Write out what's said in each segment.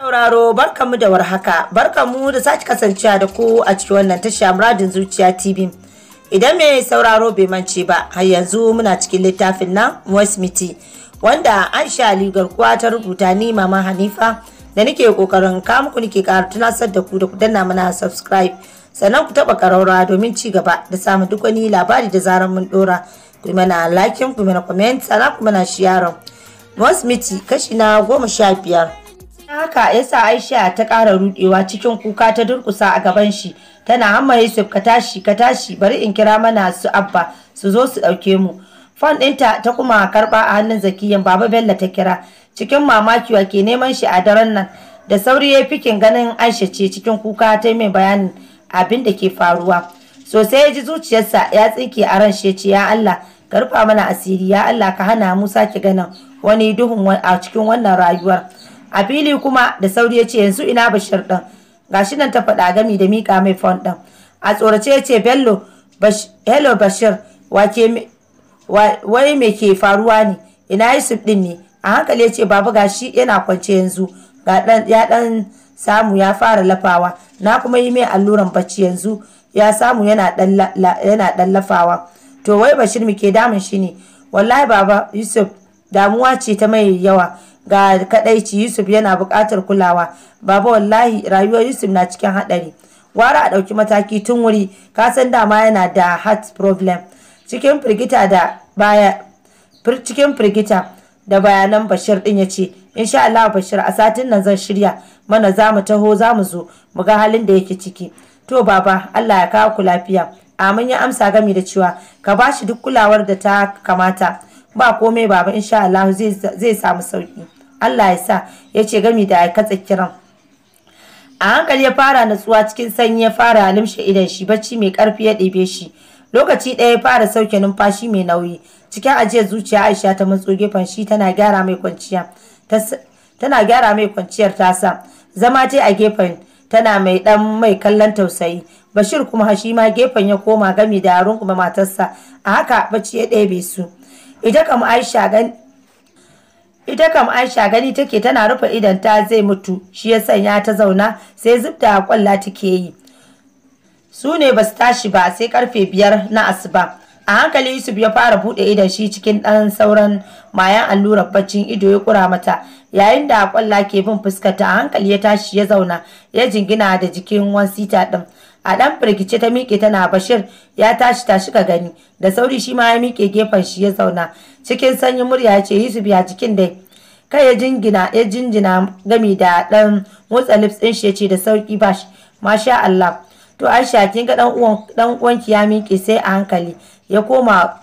sauraro mu da warhaka mu da sake kasancewa da ku a cikin wannan tasha muradin zuciya tv idan mai sauraro bai mance ba har yanzu muna cikin littafin nan wasmiti wanda aisha ali garkuwa ta rubuta ni mama hanifa da nake kokarin kamu ku nake ƙara tunasar da ku da ku danna mana subscribe sannan ku taba ƙaraura domin ci gaba da samun duk wani labari da zarar mun ɗora ku mana like ku mana comment sannan ku mana sharing wasmiti kashi na goma sha biyar haka yasa Aisha ta ƙara rudewa cikin kuka ta durkusa a gaban shi tana hamma Yusuf ka tashi ka tashi bari in kira mana su Abba su zo su ɗauke mu fon ɗinta ta kuma karɓa a hannun zakiyan Baba Bello ta kira cikin mamaki wa ke neman shi a daren nan da sauri ya fikin ganin Aisha ce cikin kuka ta mai bayanin abin da ke faruwa sosai ya ji zuciyarsa ya tsinke a ran shi ya Allah ka rufa mana asiri ya Allah ka hana mu sake ganin wani duhun a cikin wannan rayuwar a fili kuma da sauri ya ce yanzu ina bashir ɗin gashi nan ta faɗa gami da miƙa mai fon ɗin a tsorace ya ce bello hello bashir wai me ke faruwa ne ina yusuf ɗin ne a hankali ya ce babu gashi yana kwance yanzu ya ɗan samu ya fara lafawa na kuma yi mai alluran bacci yanzu ya samu yana ɗan lafawa to wai bashir muke damun shi ne wallahi baba yusuf damuwa ce ta mai yawa ga kadaici Yusuf yana buƙatar kulawa baba wallahi rayuwar Yusuf na cikin haɗari gwara a ɗauki mataki tun wuri ka san dama yana da heart problem cikin firgita da baya cikin firgita da bayanan Bashir ɗin ya ce insha Allah Bashir a satin nan zan shirya mana za mu taho za mu zo mu ga halin da yake ciki to baba Allah ya kawo ku lafiya amin ya amsa gami da cewa ka bashi duk kulawar da ta kamata ba komai baba insha Allah zai samu sauki Allah ya sa ya ce gami da ya katsa kiran a hankali ya fara natsuwa cikin sanyi ya fara limshe idan shi bacci mai karfi ya ɗebe shi lokaci ɗaya ya fara sauke numfashi mai nauyi cikin ajiyar zuciya Aisha ta matso gefen shi tana gyara mai kwanciya tana gyara mai kwanciyar tasa zama ce a gefen tana mai dan mai kallon tausayi Bashir kuma ma gefen ya koma gami da rungume matarsa a haka bacci ya ɗebe su ita kam aisha gani ita kam aisha gani take tana rufe idan ta zai mutu shi ya sanya ta zauna sai zubda kwalla take yi su ne ba su tashi ba sai karfe biyar na asuba a hankali yusuf ya fara bude idan shi cikin ɗan sauran mayan allurar baccin ido ya kura mata yayin da kwalla ke bin fuskata a hankali ya tashi ya zauna ya jingina da jikin wansita ɗin a ɗan firgice ta miƙe tana bashir ya tashi tashi ka gani da sauri shi ma ya miƙe gefen shi ya zauna cikin sanyin murya ya ce yusuf ya jikin dai kai ya jingina ya jinjina gami da dan motsa lips din shi ya ce da sauki ba masha Allah to Aisha kin ga dan uwan dan uwanki ya miƙe sai a hankali ya koma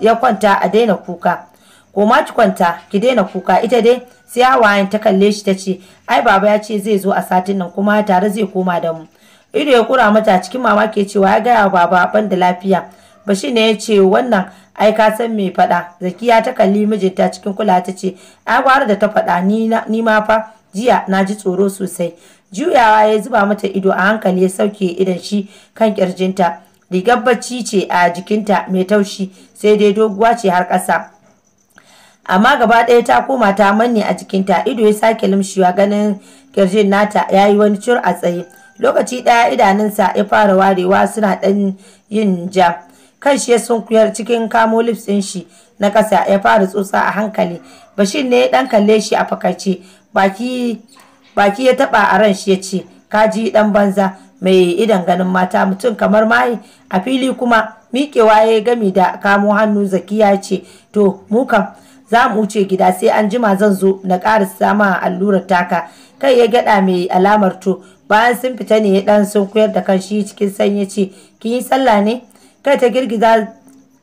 ya kwanta a daina kuka ko ma ki kwanta ki daina kuka ita dai sai hawayen ta kalle shi ta ce ai baba ya ce zai zo a satin nan kuma tare zai koma da mu ido ya kura mata cikin mamaki cewa ya gaya baba ban da lafiya shi ne ya ce wannan ai ka san me faɗa zakiya ta kalli mijinta cikin kula ta ce ai gwara da ta faɗa ni ma fa jiya na ji tsoro sosai juyawa ya zuba mata ido a hankali ya sauke idan shi kan kirjinta rigar bacci ce a jikinta mai taushi sai dai doguwa ce har ƙasa amma gaba ɗaya ta koma ta manne a jikinta ido ya sake limshiwa ganin kirjin nata ya yi wani cur a tsaye lokaci ɗaya idanunsa ya fara warewa suna ɗan yin ja kan shi ya sunkuyar cikin kamo lips ɗin shi na ƙasa ya fara tsotsa a hankali Bashin ne ɗan kalle shi a fakace baki baki ya taɓa a ran shi ya ce kaji ɗan banza mai idan ganin mata mutum kamar maye a fili kuma miƙewa ya gami da kamo hannu zakiya ce to mu kam za mu wuce gida sai an jima zan zo na ƙara saman allurar taka kai ya gyaɗa mai alamar to bayan sun fita ne ya dan sun koyar da kan shi cikin sanyi ce kin yi sallah ne kai ta girgiza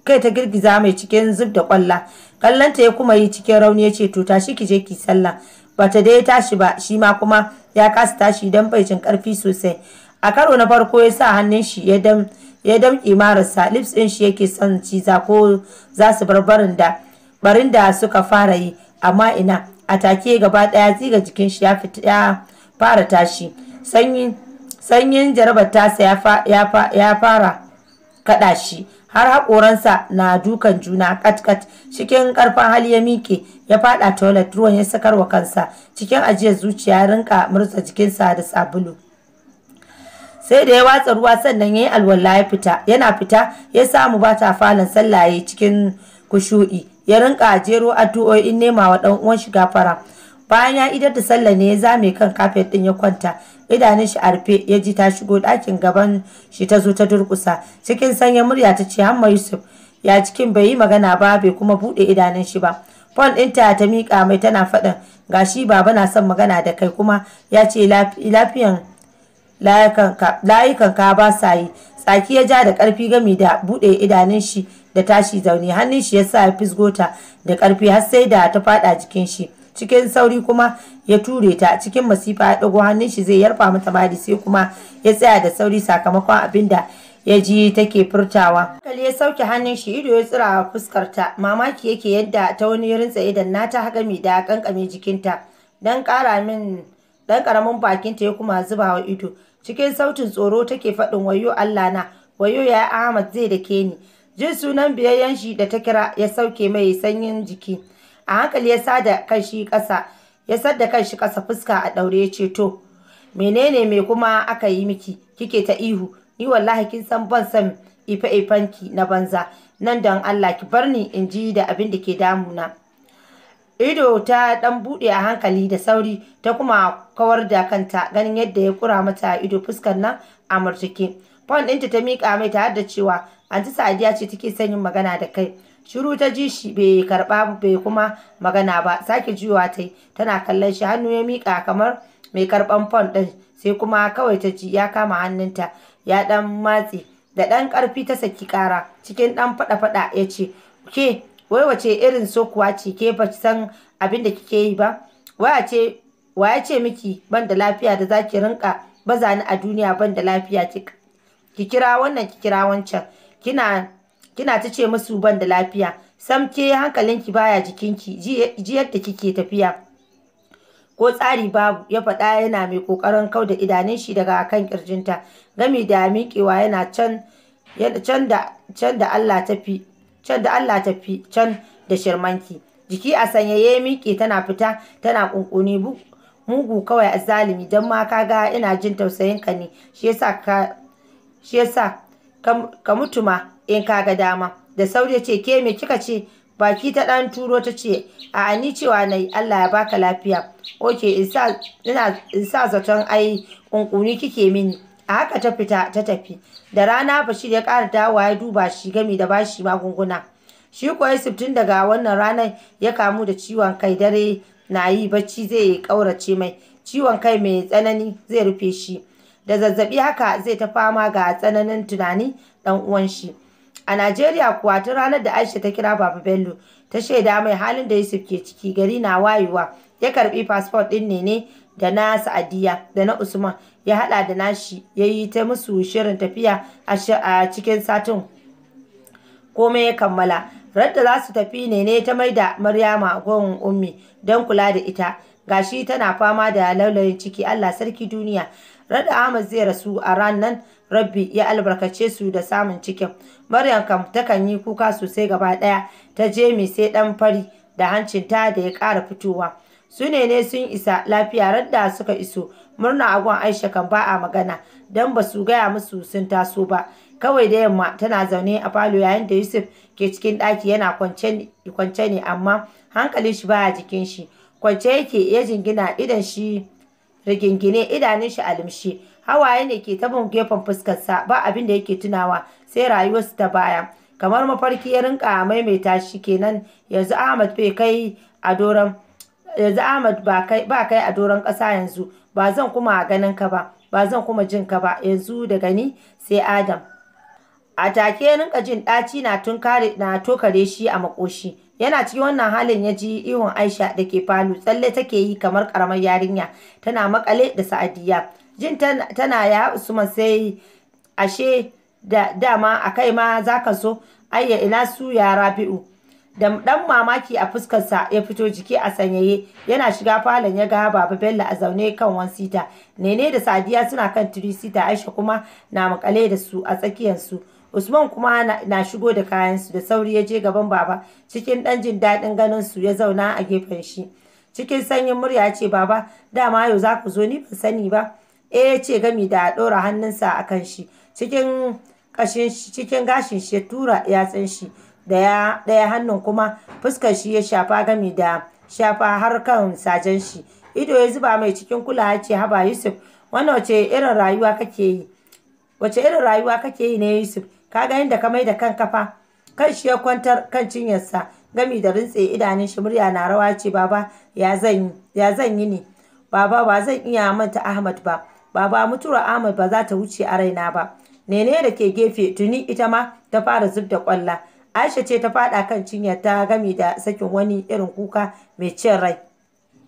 kai ta girgiza mai cikin zub da kwalla kallanta ya kuma yi cikin rauni ya ce to tashi ki je ki sallah bata dai tashi ba shi ma kuma ya kasa tashi dan bai jin karfi sosai a karo na farko ya sa hannun shi ya dam ya damƙe marasa lips din shi yake son ciza ko za su bar barin da barin da suka fara yi amma ina a take gaba ɗaya ziga jikin shi ya fara tashi sanyin jarabar tasa ya fara kaɗa shi har haƙoransa na dukan juna katkat cikin ƙarfin hali ya mike ya faɗa toilet ruwan ya sakarwa kansa cikin ajiyar zuciya ya rinka murza jikinsa da sabulu sai da ya watsa ruwa sannan ya yi alwala ya fita yana fita ya samu ba ta falon sallaye cikin kushu'i ya rinka jero addu'o'in nema wa ɗan uwan shiga fara bayan ya idar da sallah ne ya zame kan kafet ɗin ya kwanta idanun shi arfe ya ji ta shigo ɗakin gaban shi ta zo ta durƙusa cikin sanya murya ta ce hamma yusuf ya cikin bai yi magana ba bai kuma buɗe idanun shi ba fon ɗin ta ta miƙa mai tana faɗin shi baba na son magana da kai kuma ya ce lafiyan layukan ka ba sa yi tsaki ya ja da ƙarfi gami da buɗe idanun shi da tashi zaune hannun shi ya sa fisgota da ƙarfi har sai da ta faɗa jikin shi cikin sauri kuma ya ture ta cikin masifa ya ɗago hannun shi zai yarfa mata bari sai kuma ya tsaya da sauri sakamakon abin da ya ji take furtawa. Hankali ya sauke hannun shi ido ya tsira a fuskarta, mamaki yake yadda ta wani rintsa da nata haka mi da kankame jikinta. Dan ƙara min dan karamin bakinta ya kuma wa ido. Cikin sautin tsoro take faɗin wayo Allah na, wayo ya Ahmad zai da ke ni. Jin sunan biyayyen shi da ta kira ya sauke mai sanyin jiki. a hankali ya sada shi kasa ya sadda shi ƙasa fuska a daure ya ce to menene me kuma aka yi miki kike ta ihu ni wallahi kin san ban san ife ifanki na banza nan don Allah ki bar ni in ji da abin da ke damu na. ido ta dan buɗe a hankali da sauri ta kuma kawar da kanta ganin yadda ya kura mata ido fuskar nan a murtuke fon ɗinta ta miƙa mai ta da cewa anti sadiya ce take son yin magana da kai shiru ta ji shi bai karba bai kuma magana ba sake juyawa ta tana kallon shi hannu ya mika kamar mai karban fon din sai kuma kawai ta ji ya kama hannunta ya ɗan matse da ɗan karfi ta saki kara cikin ɗan faɗa-faɗa, ya ce ke wai wace irin kuwa ce ke ba san abin da kike yi ba Wa ya ce miki ban da lafiya da zaki rinka bazani a duniya ban da lafiya ki kira wannan ki kira wancan kina kina ta ce musu ban da lafiya sam ke hankalinki baya jikinki ji yadda kike tafiya ko tsari babu ya faɗa yana mai ƙoƙarin kau da idanun shi daga kan ƙirjinta gami da miƙewa yana can da Allah tafi can da Allah tafi can da shirmanki jiki a sanyaye miƙe tana fita tana ƙunƙuni mugu kawai a zalimi don ma kaga ina jin tausayinka ne shi yasa ka shi ka mutu in ka ga dama da sauri ce ke me kika ce baki ta dan turo ta ce a ni cewa nayi Allah ya baka lafiya oke in sa zaton ai kunkuni kike mini a haka ta fita ta tafi da rana Bashir ya ƙara dawa ya duba shi gami da bashi magunguna shi ko Yusuf tun daga wannan ranar ya kamu da ciwon kai dare na yi bacci zai ƙaurace mai ciwon kai mai tsanani zai rufe shi da zazzabi haka zai ta fama ga tsananin tunani dan uwan shi A Najeriya kuwa, tun ranar da Aisha ta kira Baba Bello ta shaida mai halin da Yusuf ke ciki, gari na wayewa, ya karɓi fasfo ɗin Nene da na Sa'adiyya da na Usman, ya haɗa da nashi, ya yi ta musu shirin tafiya a cikin satin komai ya kammala. Radda za su tafi Nene ta maida Maryama gon Ummi don kula da ita. Gashi tana fama da laulayin ciki Allah sarki duniya. Radda Ahmad zai rasu a ran nan rabbi ya albarkace su da samun cikin maryam kam takan yi kuka sosai gaba ɗaya ta je mai sai ɗan fari da hancinta da ya ƙara fitowa su ne sun isa lafiya radda suka iso murna agon aisha kan ba a magana don ba su gaya musu sun taso ba kawai da yamma tana zaune a falo yayin da yusuf ke cikin ɗaki yana kwance ne amma hankalin shi baya jikin shi kwance yake ya jingina idan shi rigingine idanun shi alimshi hawaye ne ke tabin gefen fuskarsa ba abin da yake tunawa sai rayuwarsu ta baya kamar mafarki ya rinka maimaita shi kenan yanzu Ahmad bai kai a doron yanzu Ahmad ba kai a doron ƙasa yanzu ba zan kuma ganin ka ba ba zan kuma jin ka ba yanzu daga ni sai Adam a take rinka jin ɗaci na tunkare na tokare shi a makoshi yana cikin wannan halin ya ji ihun Aisha da ke falo tsalle take yi kamar karamar yarinya tana maƙale da Sa'adiyya jin tana ya usman sai ashe da dama a kai ma za ka so ayya ina su ya rafi'u da dan mamaki a fuskarsa ya fito jiki a sanyaye yana shiga falon ya ga baba bello a zaune kan wan sita nene da sadiya suna kan tiri sita aisha kuma na makale da su a tsakiyar su usman kuma na shigo da kayan su da sauri ya je gaban baba cikin dan jin daɗin ganin su ya zauna a gefen shi cikin sanyin murya ce baba dama yau za ku zo ni ban sani ba eh ya ce gami da ɗora hannunsa a kan shi cikin cikin gashin shi ya tura yatsun shi da ɗaya hannun kuma fuskar shi ya shafa gami da shafa har kan sajen shi ido ya zuba mai cikin kulawa ce haba yusuf wannan wace irin rayuwa kake yi wace irin rayuwa kake yi ne yusuf ka ga inda ka mai da kan kafa kan shi ya kwantar kan cinyarsa gami da rintse idanun shi murya na rawa ce baba ya zan yi ne baba ba zan iya manta ahmad ba Baba mutuwar Ahmad ba za ta wuce a raina ba. Nene da ke gefe tuni ita ma ta fara zub da kwalla. Aisha ce ta faɗa kan cinyar ta gami da sakin wani irin kuka mai cin rai.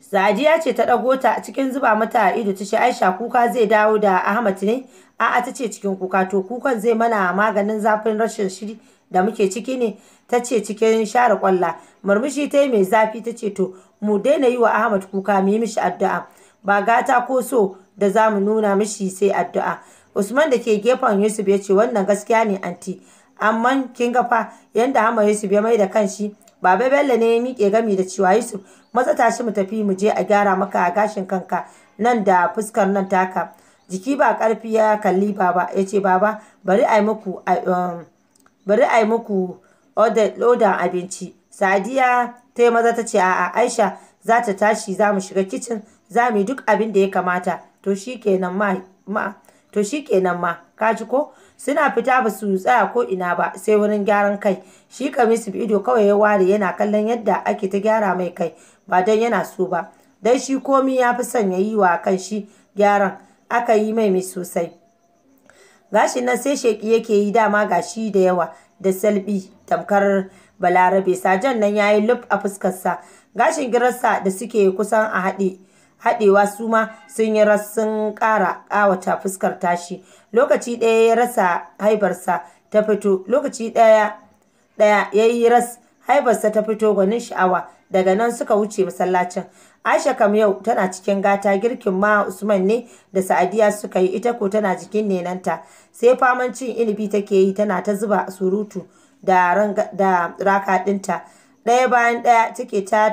Sadiya ce ta ɗago ta cikin zuba mata ido ta ce Aisha kuka zai dawo da Ahmad ne? A'a ta ce cikin kuka to kukan zai mana maganin zafin rashin shiri da muke ciki ne ta ce cikin share kwalla murmushi ta yi mai zafi ta ce to mu daina yi wa Ahmad kuka mu yi mishi addu'a ba gata ko so da za mu nuna mishi sai addu'a usman da ke gefen yusuf ya ce wannan gaskiya ne anti amma kin ga fa yanda hama yusuf ya mai da kanshi baba bello ne ya miƙe gami da cewa yusuf matsa tashi mu tafi mu je a gyara maka gashin kanka nan da fuskar nan taka jiki ba karfi ya kalli baba ya ce baba bari a muku um, bari a yi muku odan abinci sadiya ta yi maza ta ce a'a aisha za ta tashi za mu shiga kicin za mu yi duk abin da ya kamata to shi kenan ma to kenan ma ka ji ko suna fita ba su tsaya ko ina ba sai wurin gyaran kai shi kamisu ido kawai ya ware yana kallon yadda ake ta gyara mai kai ba dan yana so ba dan shi komi ya fi son ya yi wa kan shi gyaran aka yi mai mai sosai gashin nan sai sheki yake yi dama gashi da yawa da salbi tamkar balarabe sajan nan ya yi luf a fuskarsa gashin girarsa da suke kusan a haɗe haɗewa su ma sun yi rassun ƙara ƙawata fuskar tashi lokaci ɗaya ya rasa haibarsa ta fito lokaci ɗaya ɗaya ya yi ras haibarsa ta fito gwanin sha'awa daga nan suka wuce masallacin aisha kam yau tana cikin gata girkin ma usman ne da sa'adiya suka yi ita ko tana jikin nenanta sai faman cin inibi take yi tana ta zuba surutu da, da raka ɗinta ɗaya bayan ɗaya take ta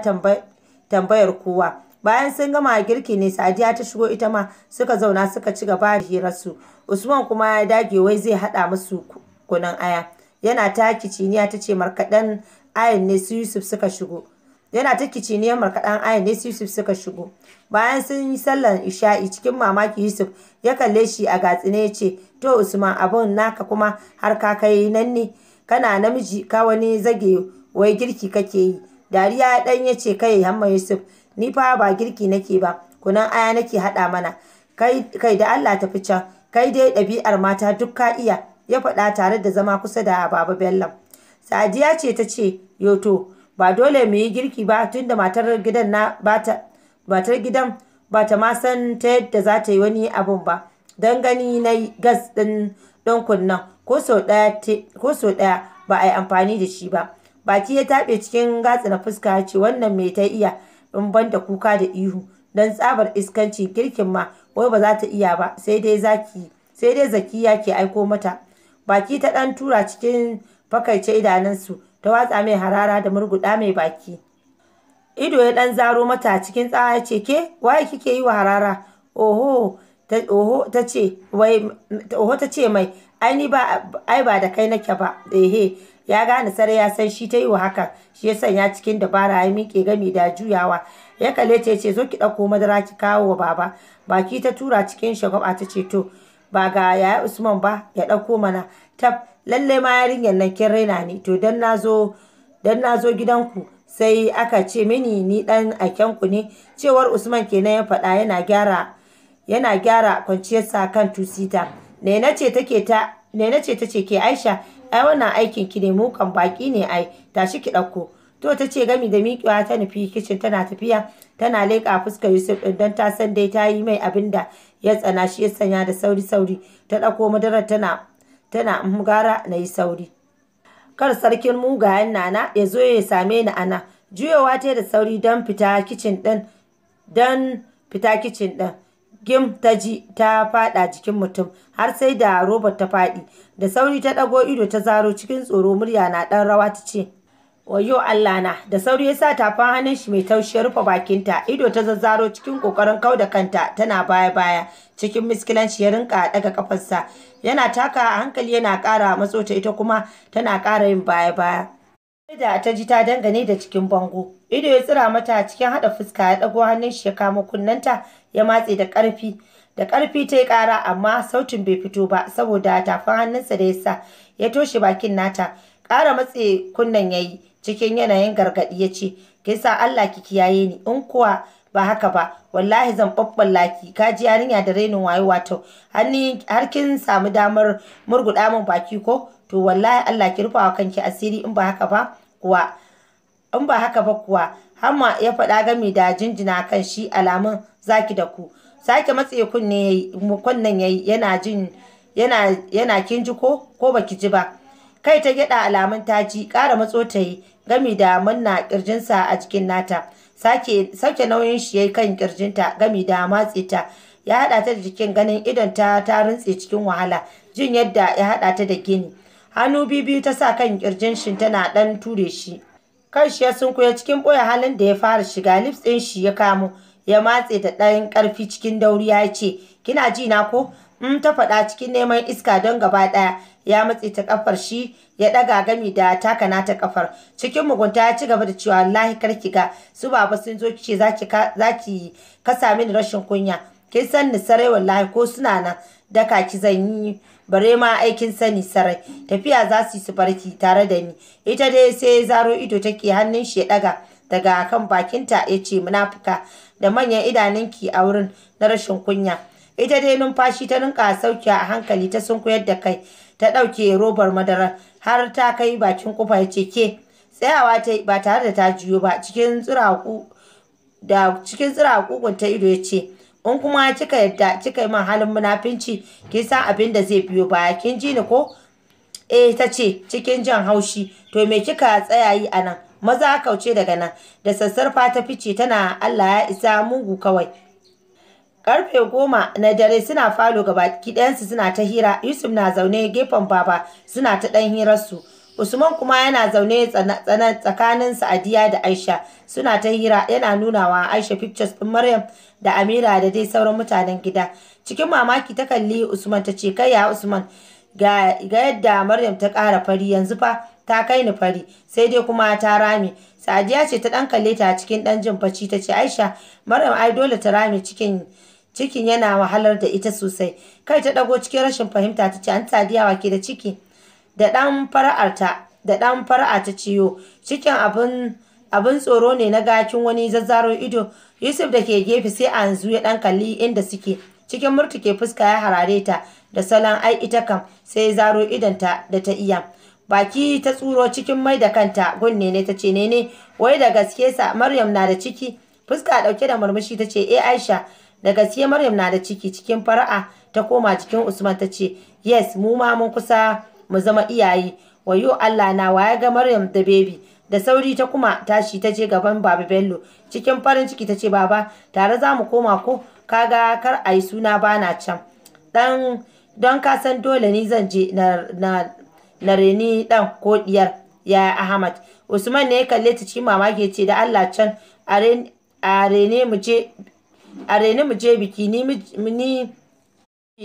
tambayar kowa bayan sun gama girki ne sadiya ta shigo ita ma suka zauna suka ci gaba da hirarsu usman kuma ya dage wai zai hada musu kunun aya yana ta kiciniya ta ce markaɗen ayan ne su yusuf suka shigo yana ta kiciniyar ayan ne su yusuf suka shigo bayan sun yi sallar isha'i cikin mamaki yusuf ya kalle shi a gatsine ya ce to usman abun naka kuma har ka kai nan ne kana namiji ka wani zage wai girki kake yi dariya ɗan ya ce kai hamma yusuf ni fa ba girki nake ba kunan aya nake haɗa mana kai kai da Allah tafi can kai dai ɗabi'ar mata duk ka iya ya faɗa tare da zama kusa da baba Bello Sadiya ce ta ce yoto ba dole mu yi girki ba tunda matar gidan na bata matar gidan ba ta ma san ta yadda za ta yi wani abun ba don gani na gas ɗin ɗan kunnan ko sau ɗaya ba a yi amfani da shi ba baki ya taɓe cikin gatsa na fuska ce wannan me ta iya in da kuka da ihu don tsabar iskanci girkin ma wai ba za ta iya ba sai dai zaki sai dai zakiya ke aiko mata baki ta ɗan tura cikin fakaice idanunsu ta watsa mai harara da murguɗa mai baki ido ya ɗan zaro mata cikin tsawa ya ce ke waye kike yi wa harara oho ta ce mai ai ba da kai nake ba ehe ya gane sarai ya san shi ta yi wa haka shi ya sanya cikin dabara ya miƙe gami da juyawa ya kalle ta ce zo ki ɗauko madara ki kawo wa baba baki ta tura cikin shagwaba ta ce to ba ga yaya usman ba ya ɗauko mana tab lallai ma yarinyar nan kin raina ni to dan na zo dan na zo gidanku sai aka ce mini ni dan akenku ne cewar usman kenan ya faɗa yana gyara yana gyara kwanciyarsa kan tusita nena ce take ta ce tace ke aisha ai wannan aikin ki ne mu kan baki ne ai tashi ki ɗauko to ta ce gami da miƙewa ta nufi kicin tana tafiya tana leka fuskar yusuf ɗin don ta san dai ta yi mai abin da ya tsana shi ya sanya da sauri sauri ta ɗauko madarar tana tana gara na yi sauri kar sarkin mugayen nana ya zo ya same ni ana juyowa ta da sauri dan fita kitchen din don fita kicin ɗin gim ta ji ta fada jikin mutum har sai da roba ta fadi da sauri ta dago ido ta zaro cikin tsoro murya na dan rawa ta ce wayo Allah na da sauri ya sa tafan hannun shi mai taushi ya rufe ta ido ta zazzaro cikin kokarin kau da kanta tana baya baya cikin miskilanci ya rinka daga kafarsa yana taka a hankali yana kara matso ta ita kuma tana kara yin baya baya sai da ta ji ta dangane da cikin bango ido ya tsira mata cikin hada fuska ya dago hannun shi ya kama kunnanta ya matse da ƙarfi da ƙarfi ta yi ƙara amma sautin bai fito ba saboda tafin hannunsa da ya sa ya toshe bakin nata ƙara matse kunnen ya yi cikin yanayin gargaɗi ya ce ki sa Allah ki kiyaye ni in kuwa ba haka ba wallahi zan babban ki ka ji yarinya da rainin wayo wato har kin samu damar murguɗa min baki ko to wallahi Allah ki rufa wa kanki asiri in ba haka ba kuwa in ba haka ba kuwa hamma ya faɗa gami da jinjina kan shi alamun zaki da ku sake matse kunne kunnen yayi yana jin yana yana kin ji ko ko baki ji ba kai ta gyada alamun ta ji ƙara matso ta yi gami da manna kirjinsa a cikin nata sake sake nauyin shi yayi kan kirjinta gami da matse ta ya hada ta da jikin ganin idon ta ta rintse cikin wahala jin yadda ya hada ta da gini hannu bibi ta sa kan kirjin shi tana dan ture shi kan shi ya sunkuya cikin boye halin da ya fara shiga lips din shi ya kamo ya matse ta ɗan ƙarfi cikin dauri ya ce, Kina ji na ko? In ta faɗa cikin neman iska don gaba ɗaya ya matse ta ƙafar shi ya ɗaga gami da taka ta ƙafar. Cikin mugunta ya ci gaba da cewa wallahi ki ga su baba sun zo ki ce za ki kasa mini rashin kunya. Kin san ni sarai wallahi ko suna nan daka ki zan yi bare ma aikin sani sarai tafiya za su yi su barki tare da ni ita dai sai zaro ido take hannun shi ya ɗaga. daga kan bakinta ya ce munafuka da manyan idanunki a wurin na rashin kunya ita dai numfashi ta ninka sauki a hankali ta sun koyar da kai ta ɗauke robar madara har ta kai bakin kufa ya ce ke tsayawa ta ba tare da ta juyo ba cikin tsiraku da cikin ta ido ya ce in kuma kika yadda kika yi man halin munafinci kin san abin da zai biyo ba kin ji ni ko eh ta ce cikin jan haushi to me kika tsaya yi anan maza kauce daga nan da sassarfa ta fice tana Allah ya isa mugu kawai karfe goma na dare suna falo gaba ɗayansu suna ta hira yusuf na zaune gefen baba suna ta ɗan hirarsu usman kuma yana zaune tsakanin sa'adiya da aisha suna ta hira yana nuna wa aisha pictures ɗin maryam da amira da dai sauran mutanen gida cikin mamaki ta kalli usman ta ce kai ya usman ga yadda Maryam ta ƙara fari yanzu fa ta kai ni fari sai dai kuma ta rame Sadiya ce ta ɗan kalle ta cikin ɗan jin ta ce Aisha Maryam ai dole ta rame cikin cikin yana wahalar da ita sosai kai ta ɗago cikin rashin fahimta ta ce an Sadiya wake da ciki da ɗan fara'arta da ɗan fara'a ta ciyo cikin abin abin tsoro ne na gakin wani zazzaro ido Yusuf da ke gefe sai a yanzu ya ɗan kalli inda suke cikin murtuke fuska ya harare ta da salon ai ita kam sai zaro ta da ta iya baki ta tsuro cikin mai da kanta gunne ne ta ce ne ne wai da gaske sa maryam na da ciki fuska dauke da murmushi ta ce eh aisha da gaske maryam na da ciki cikin fara'a ta koma cikin usman ta ce yes mu ma mun kusa mu zama iyaye wayo allah na waya ga maryam da bebi da sauri ta kuma tashi ta je gaban baba bello cikin farin ciki ta ce baba tare za mu koma ko kaga kar a yi suna bana can dan don ka san dole ni zan je na reni ɗan ko ɗiyar ya Ahmad. Usman ne ya kalle ta cikin mamaki ce da Allah can a rene mu je biki ni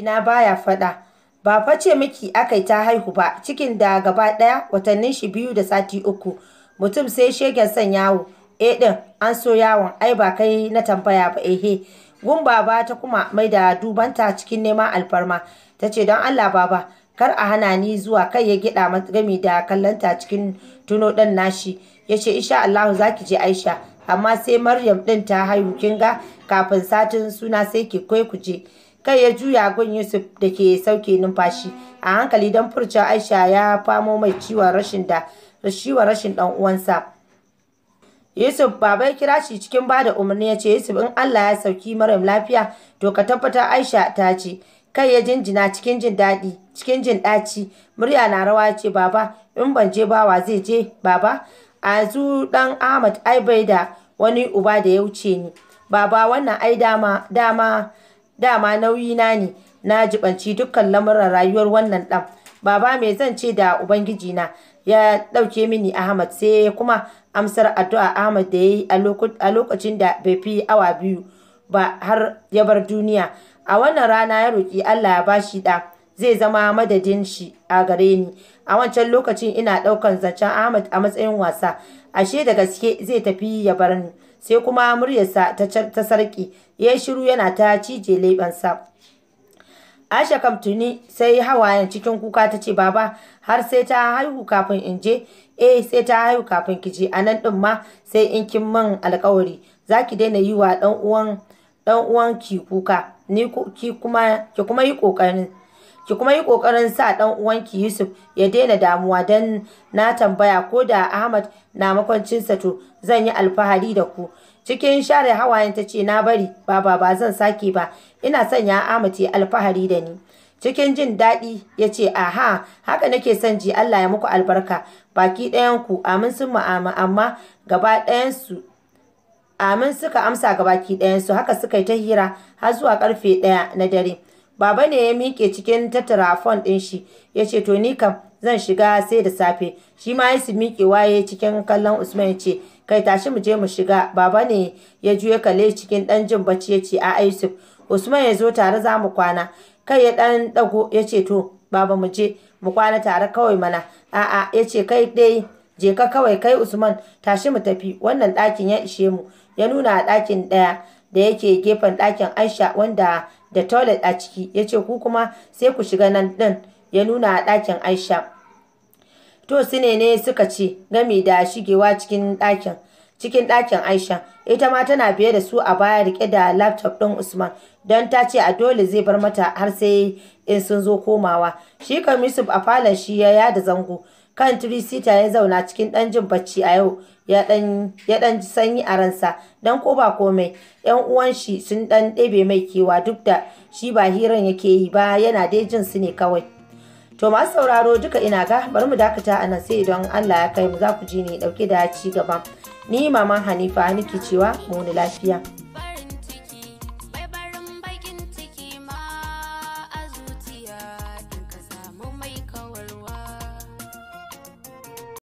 na baya faɗa. Ba ce miki akai ta haihu ba cikin da gaba ɗaya watannin shi biyu da sati uku. Mutum sai shegen son yawo. E ɗin an so yawon ai ba kai na tambaya ba ehe. gumba ba ta kuma mai da dubanta cikin neman alfarma ta ce don allah baba kar a hana ni zuwa kai ya gida gami da kallanta cikin tuno ɗan nashi ya ce insha allahu za ki je aisha amma sai maryam ɗin ta haihu kin ga kafin satin suna sai ki kai ku je kai ya juya gun yusuf da ke sauke numfashi a hankali don furcin aisha ya famo mai ciwon rashin da rashin ɗan uwansa Yusuf baba ya kira shi cikin bada umarni ya ce Yusuf in Allah ya sauki Maryam lafiya to ka tabbata Aisha ta ce kai ya jinjina cikin jin daɗi cikin jin ɗaci murya na rawa ya ce baba in ban je bawa zai je baba a zu dan Ahmad ai bai da wani uba da ya wuce ni baba wannan ai dama dama dama nauyi na ne na jibanci dukkan lamuran rayuwar wannan ɗan baba me zan ce da ubangiji na ya ɗauke mini Ahmad sai kuma amsar addu'a Ahmad da ya yi a lokacin da bai fi awa biyu ba har ya bar duniya. A wannan rana ya roƙi Allah ya bashi ɗa zai zama madadin shi a gare ni. A wancan lokacin ina ɗaukan zancen Ahmad a matsayin wasa, ashe da gaske zai tafi ya bar ni. Sai kuma muryarsa ta sarƙi, ya shiru yana ta cije leɓensa. Aisha kam tuni sai hawayen cikin kuka ta ce baba har sai ta haihu kafin in je eh sai ta haihu kafin ki je a nan din ma sai in kin man alkawari zaki daina yi wa dan uwan dan uwan ki kuka ni ki kuma ki kuma yi kokarin ki kuma yi kokarin sa dan uwanki Yusuf ya daina damuwa dan na tambaya ko da Ahmad na makwancinsa to zan yi alfahari da ku cikin share hawayen ta ce na bari baba ba zan sake ba ina sanya Ahmad ya alfahari da ni cikin jin daɗi ya ce aha haka nake son ji Allah ya muku albarka baki ɗayanku amin sun ma'ama amma gaba ɗayansu amin suka amsa ga baki ɗayansu haka suka yi ta hira har zuwa karfe ɗaya na dare baba ne ya miƙe cikin tattara fon ɗin shi ya ce to ni kam zan shiga sai da safe shi ma ya su miƙewa ya cikin kallon usman ya ce kai tashi mu je mu shiga baba ne ya juya kale cikin dan jin bacci ya ce a Yusuf Usman ya zo tare za mu kwana kai ya dan dago ya ce to baba mu je mu kwana tare kawai mana a'a ya ce kai dai je ka kawai kai Usman tashi mu tafi wannan ɗakin ya ishe mu ya nuna a ɗakin ɗaya da yake gefen ɗakin Aisha wanda da toilet a ciki ya ce ku kuma sai ku shiga nan ɗin ya nuna a ɗakin Aisha to sune ne suka ce gami da shigewa cikin ɗakin cikin ɗakin aisha ita ma tana biye da su a baya rike da laptop ɗin usman don ta ce a dole zai bar mata har sai in sun zo komawa shi kan yusuf a falon shi ya yada zango kan tirisita ya zauna cikin ɗan jin bacci a yau ya ɗan sanyi a ransa don ko ba komai yan uwan shi sun ɗan ɗebe mai kewa duk da shi ba hiran yake yi ba yana dai jin su ne kawai To masu sauraro duka ina ga bari mu dakata a nan sai don Allah ya kai mu za ku ji ni dauke da ci gaba. Ni maman Hanifa nake cewa mu ni lafiya.